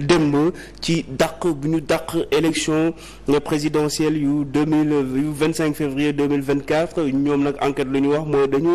démb ci dàq bu ñu dàq élection présidentielle yu deux mille yu vingt cinq février deux mille vingt quatre ñoom nag enquête lu ñu wax mooy dañu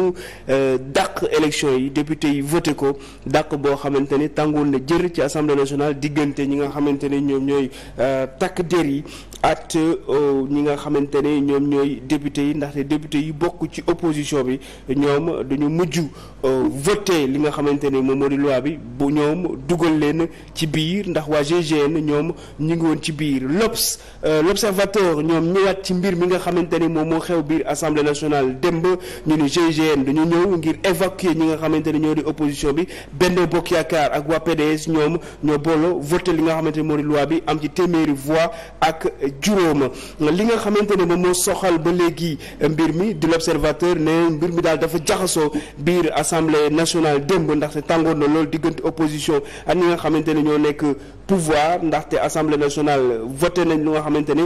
euh, dàq élection yi député yi voté ko dàq boo xamante ni tàngoon na jër ci assemblée nationale diggante ñi nga xamante ne ñoom ñooy euh, takk der yi at euh, ñi nga xamante ne ñoom ñooy député yi ndaxte député yi bokk ci opposition bi ñoom dañu mujj voté li nga xamante ne moom moo di bi bu ñoom dugal leen ci biir. ndax waa GGN ñoom ñu ngi woon ci biir l'Obs euh, l'Observateur ñoom ñëwaat ci mbir mi nga xamante ni moom moo xew biir assemblée nationale démb ñu ni GGN dañu ñëw ngir évacuer ñi nga xamante ni ñoo di opposition bi Benno Bokk Yaakaar ak waa PDS ñoom ñoo booloo voté li nga xamante ni moo di loi bi am ci téeméeri voix ak juróoma li nga xamante ne moom moo soxal ba léegi mbir mi di l'observateur ne mbir mi daal dafa jaxasoo biir assemblée nationale démb ndaxte tàngoor na loolu diggante opposition ak ñi nga xamante ne ñoo nekk pouvoir ndaxte assemblée nationale voté nañ lu nga xamante ni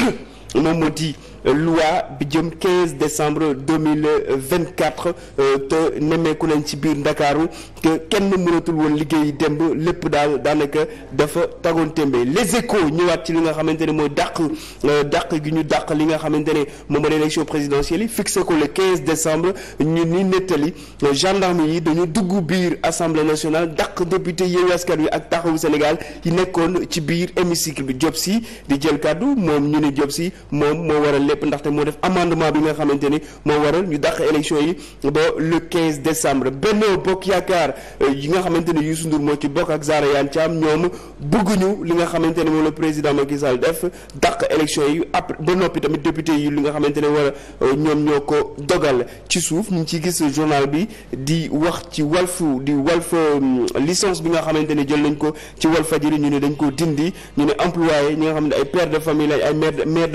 moom moo di loi bi jëm 15 décembre 2024 euh, te nemmeeku nañ ci biir ndakaaru que kenn mënatul woon liggéey démb lépp daal daanaka dafa tagoon témbe les échos ñëwaat ci li nga xamante ne mooy dàq euh, daq gi ñu daq li nga xamante ne moom mooy élection présidentielle yi fixé ko le 15 décembre ñu ni nettali euh, gendarme yi dañu dugg biir assemblée nationale dàq député Yewwi Askan Wi ak Taxawu Sénégal yi nekkoon ci biir hémicycle bi Diop Sy di jël kàddu moom ñu ne Diop Sy moom moo waral lépp ndaxte moo def amendement bi nga xamante ni moo waral ñu dàq élection yi ba le 15 décembre Benno Bokk Yaakaar euh, yi nga xamante ni Youssou Ndour moo ci bokk ak Zahra Iyane Thiam ñoom bëgguñu li nga xamante ne moom la président Macky Sall def dàq élection yi après ba noppi tamit député yi li nga xamante ne war euh, ñoom ñoo ko dogal ci suuf ñu ci gis journal bi di wax ci Walfu di Walf euh, licence bi nga xamante ni jël nañ ko ci Walfadjri ñu ne dañ ko dindi ñu ne employé ñi nga xam ne ay père de famille lañ ay mère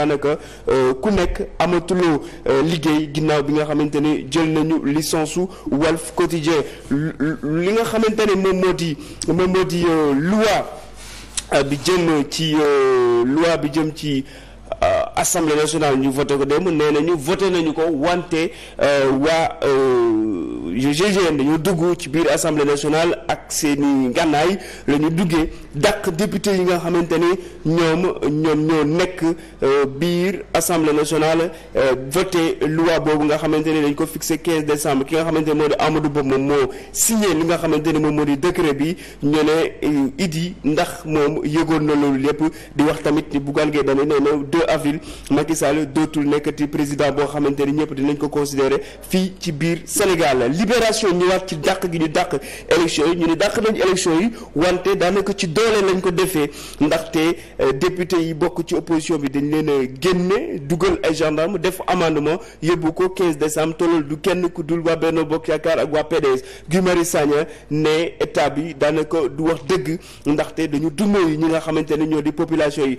daanaka euh, ku nekk amatuloo euh, liggéey ginnaaw bi nga xamante ne jël nañu licence su Walf Quotidien li nga xamante ne moom moo di moom moo di euh, loi bi jëm ci loi bi jëm ci. Euh, assemblée nationale ñu voté ko démb nee na ñu voté nañu ko wante euh, waa euh, GGN dañoo dugg ci biir assemblée nationale ak seeni ngànnaay la ñu duggee dàq député yi nga xamante ni ñoom ñoom ñoo nekk biir assemblée nationale voté loi boobu nga xamante ni dañ ko fixé 15 décembre ki nga xamante ni moo di Amadou Ba moom moo signé li nga xamante ni moom moo di décret bi ñu ne yi ndax moom yëgoon na loolu lépp di wax tamit ni Bougane Gueye Dany nee 2 avril Macky Sall dootul nekkati président boo xamante ni ñëpp dinañ ko considérer fii ci biir Sénégal libération ñëwaat ci dàq gi ñu dàq élection yi ñu ne dàq nañ élection yi wante daanaka ci doole lañ ko defee ndaxte euh, député yi bokk ci opposition bi dañ leen a génne dugal ay gendarme def amendement yóbbu ko 15 décembre tolol du kenn ku dul waa Benno Bokk Yaakaar ak waa PDS Guy Marius Sagna ne état bi daanaka du wax dëgg ndaxte dañu dumo yi ñi nga xamante ne ñoo di population yi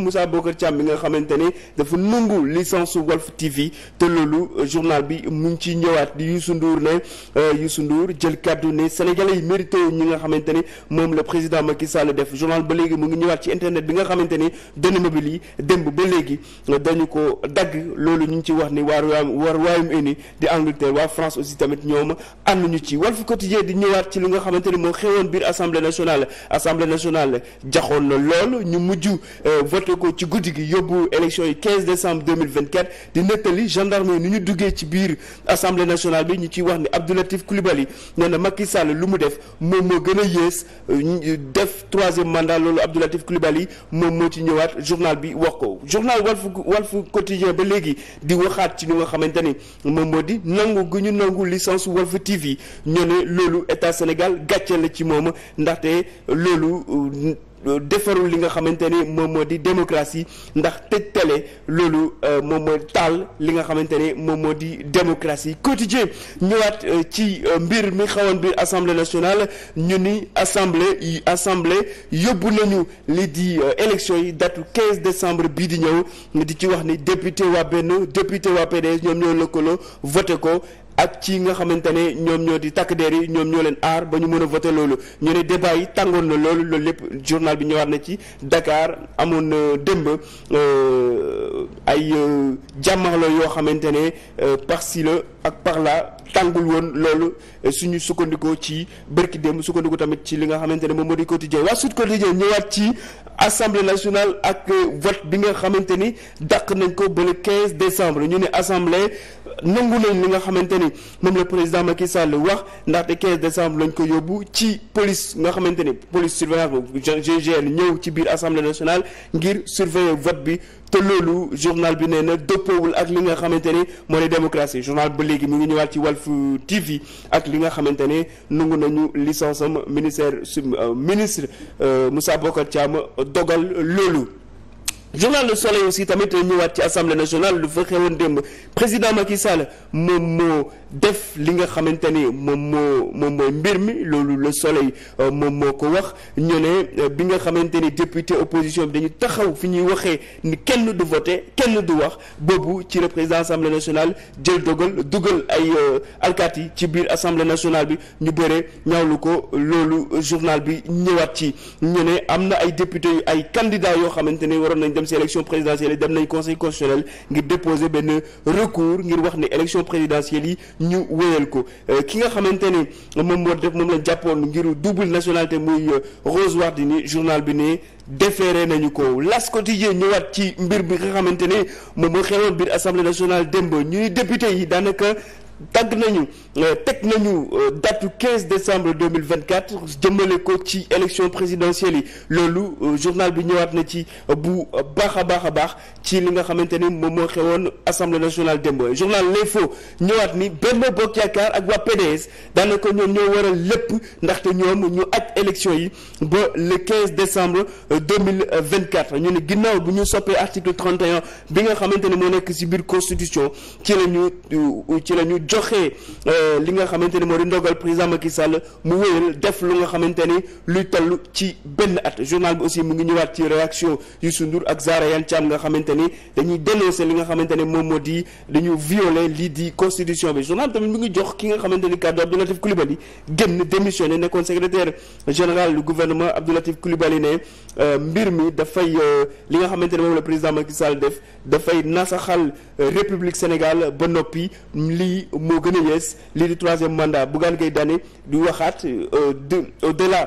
Moussa Bocar Thiam bi nga xamante ne dafa nangu licence Walf TV te loolu euh, journal bi mu ngi ciy ñëwaat di Youssou Ndour ne euh, Youssou Ndour jël kàddu ne sénégalais yi mérité ñi nga xamante ne moom la président ma Macky Sall def journal ba léegi mu ngi ñëwaat ci internet bi nga xamante ne données mobiles yi démb ba léegi euh, dañu ko dagg loolu ñu ngi ci wax ni waa waa Royaume-Uni di Angleterre waa France aussi tamit ñoom na ñu ci Walf Quotidien di ñëwaat ci li nga xamante ne moo xewoon biir assemblée nationale assemblée nationale jaxoon na lool ñu mujj vote jotee ko ci guddi gi yóbbu élection yi 15 décembre 2024 di nettali gendarme yi ni ñu duggee ci biir assemblée nationale bi ñu ciy wax ni Abdou Latif Coulibaly nee na Macky lu mu def moom moo gën a yées euh, euh, def troisième mandat loolu Abdou Latif Coulibaly moom moo ci ñëwaat journal bi wax ko journal Walf Walf Quotidien ba léegi di waxaat ci li nga xamante ni moom moo di nangu gu ñu nangu licence Walf TV ñoo ne loolu état Sénégal gàcce la ci moom ndaxte loolu. Euh, Euh, defarul li nga xamante ni moom moo di démocratie ndax tëj tele loolu euh, moom mooy taal li nga xamante ni moom moo di démocratie quotidien ñëwaat euh, ci mbir mi xawoon bi assemblée nationale ñu ni assemblée yi assemblée yóbbu nañu li di élection yi datu 15 décembre bii di ñëw di ci wax ni député waa benn député waa PDS ñoom ñoo lëkkaloo voté ko ak ci nga xamante ne ñoom ñoo di takk deer yi ñoom ñoo leen aar ba ñu mën a voté loolu ñu ne débat tàngoon na loolu loolu lépp journal bi ñëwaat na ci dakaar amoon na démb euh, ay euh, jàmmarloo yoo xamante ne euh, par-ci la ak par-là tàngul woon loolu suñu sukkandikoo ci bërki démb sukkandiku tamit ci li nga xamante ne moom moo di quotidien waa Sud Quotidien ñëwaat ci assemblée nationale ak vote bi nga xamante ni dàq nañ ko ba le 15 décembre ñu ne assemblée nangu nañ li nga xamante ni moom la président Macky Sall wax ndaxte 15 décembre lañ ko yóbbu ci police nga xamante ni police surveillance GGN ñëw ci biir assemblée nationale ngir surveiller vote bi te loolu journal bi nee na dëppoowul ak li nga xamante ni moo di démocratie journal ba léegi mu ngi ñëwaat ci Walf TV ak li nga xamante ne nangu nañu licence am ministère su euh, ministre euh, Moussa Bocar Thiam dogal loolu. journal Le Soleil aussi tamit ñëwaat ci assemblée nationale lu fa xewoon démb président Macky Sall moom moo def li nga xamante ni moom moo moom mbir mi loolu Le Soleil euh, moom moo ko wax ñu ne euh, bi nga xamante ni député opposition bi dañu taxaw fi ñuy waxee ni kenn du voté kenn du wax boobu ci le président assemblée nationale jël dogal dugal ay euh, alkaati yi ci biir assemblée nationale bi ñu bëree ñawlu ko loolu journal bi ñëwaat yi ñu ne am na ay député yu ay candidats yoo xamante ni waroon nañ dem si élection présidentielle yi dem nañ conseil constitutionnel ngir déposer benn recours ngir wax ne élection présidentielle yi ñu wéyal ko euh, ki nga xamante ne moom moo def moom lañ jàppoon ngir double nationalité muy euh, Rose Wardini journal bi ne déféré nañu ko L'As Quotidien ñëwaat ci mbir bi nga xamante ne moom moo xewoon biir assemblée nationale démb ñuy député yi daanaka tàgg nañu Euh, teg nañu euh, date yu 15 décembre 2024 jëmale ko ci élection présidentielle yi loolu euh, journal bi ñëwaat na ci bu baax a baax a baax ci li nga xamante ni moom moo xewoon assemblée nationale démb journal L'Info ñëwaat ni Benno Bokk Yaakaar ak waa PDS daanaka ñoom ñoo waral lépp ndaxte ñoom ñu ak élection yi ba le 15 décembre 2024 ñu ne ginnaaw bu ñu soppee article 31 bi nga xamante ni moo nekk si biir constitution ci la ñu ci la ñu joxee Euh, li nga xamante ni moo di ndogal président Macky Sall mu def lu nga xamante ni luy toll ci benn at journal aussi mu ngi ñëwaat ci réaction Youssou Ndour ak Zahra Iyane Thiam nga xamante ni dañuy dénoncer li nga xamante ni moom moo di dañu violer lii di constitution bi journal tamit mu ngi jox ki nga xamante ni kàddu Abdoulatif Coulibaly génn démissionné nekkoon secrétaire général du gouvernement Abdoulatif ne euh, mbir mi dafay euh, li nga xamante ni moom la président Macky Sall def dafay nasaxal République Sénégal ba noppi lii moo gën a yees lii di troisième mandat Bougane Gueye Dany di waxaat euh, de au-delà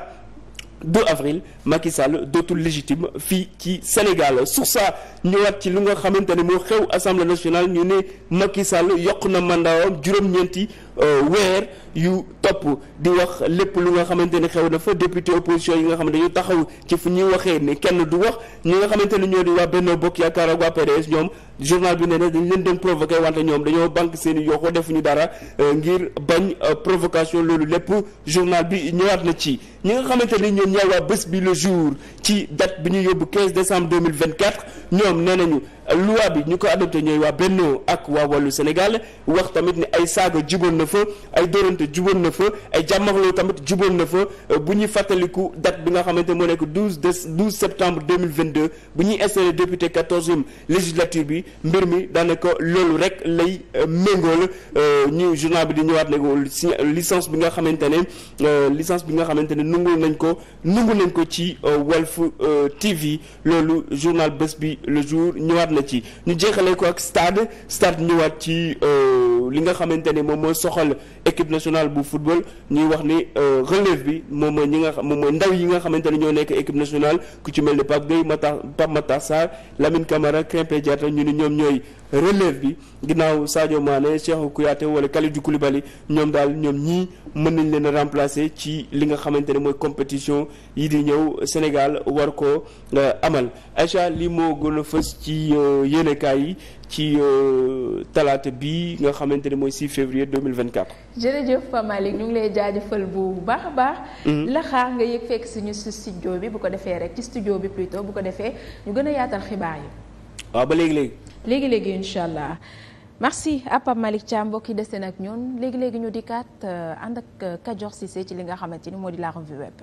euh, 2 avril Macky Sall dootul légitime fii ci Sénégal sur ça ñëwaat ci lu nga xamante ne moo xew assemblée nationale ñu ne Macky Sall yokk na mandat am juróom-ñeenti Euh, weer yu topp di wax lépp lu nga xamante ne xew na fa député opposition yi nga xam ne dañu taxaw ci fu ñuy waxee ne kenn du wax ñi nga xamante ne ñoo di waa Benno Bokk Yaakaar ak waa ñoom journal bi nee na dañ leen doon provoqué wante ñoom dañoo banque seen i yoxoo ñu dara euh, ngir bañ euh, provocation loolu lépp journal bi ñëwaat na ci ñi nga xamante ni ñoom ñaa waa bés bi le jour ci date bi ñu yóbbu 15 décembre 2024 ñoom nee nañu loi bi ñu ko adopté ñooy waa Benno ak waa wàllu Sénégal wax tamit ni ay saaga juboon na fa ay dóorante juboon na fa ay jàmmarloo tamit juboon na fa euh, bu ñuy fàttaliku date bi nga xamante moo nekk 12 des 12 septembre 2022 bu ñuy installé député 14e législature bi mbir mi daanaka loolu rek lay euh, méngool euh, ñu journal bi di ñëwaat nag licence bi nga xamante ne licence bi nga xamante ne nungul nañ ko nungul nañ ko ci Walf TV loolu journal bés bi le jour ñëwaat na ci ñu jeexalee ko ak stade stade ñëwaat ci euh, li nga xamante ni moom mooy soxal équipe nationale bu football ñuy wax ni euh, relève bi moom mooy ñi nga xam moom mooy ndaw yi nga xamante ni ñoo nekk équipe nationale ku ci mel ni Pape Gueye Mata Pape Matar Sarr Lamine Camara Krépin Diatta ñu ni ñoom ñooy relève bi ginnaaw Sadio Mané Cheikhou Kouyaté wala Kalidou Koulibaly ñoom daal ñoom ñii mën nañ leen a remplacer ci li nga xamante ne mooy compétition yi di ñëw Sénégal war ko euh, amal Aïcha li moo gën a fës ci euh, yéenekaay yi ci euh, talaata bi nga xamante ne mooy 6 février 2024. jërëjëf Pape Malick ñu ngi lay jaajëfal bu baax a baax. Mm-hmm. la xaar nga yëg fekk si suñu studio bi bu ko defee rek ci studio bi plutôt bu ko defee ñu gën a yaatal xibaar yi. waaw ba léegi léegi. léegi léegi incha allah merci à Pape Malick Thiam mbokk yi dese nag ñun léegi léegi ñu dikkaat euh, ànd ak euh, Kadior Cissé ci li nga xamante ni moo di la revue web.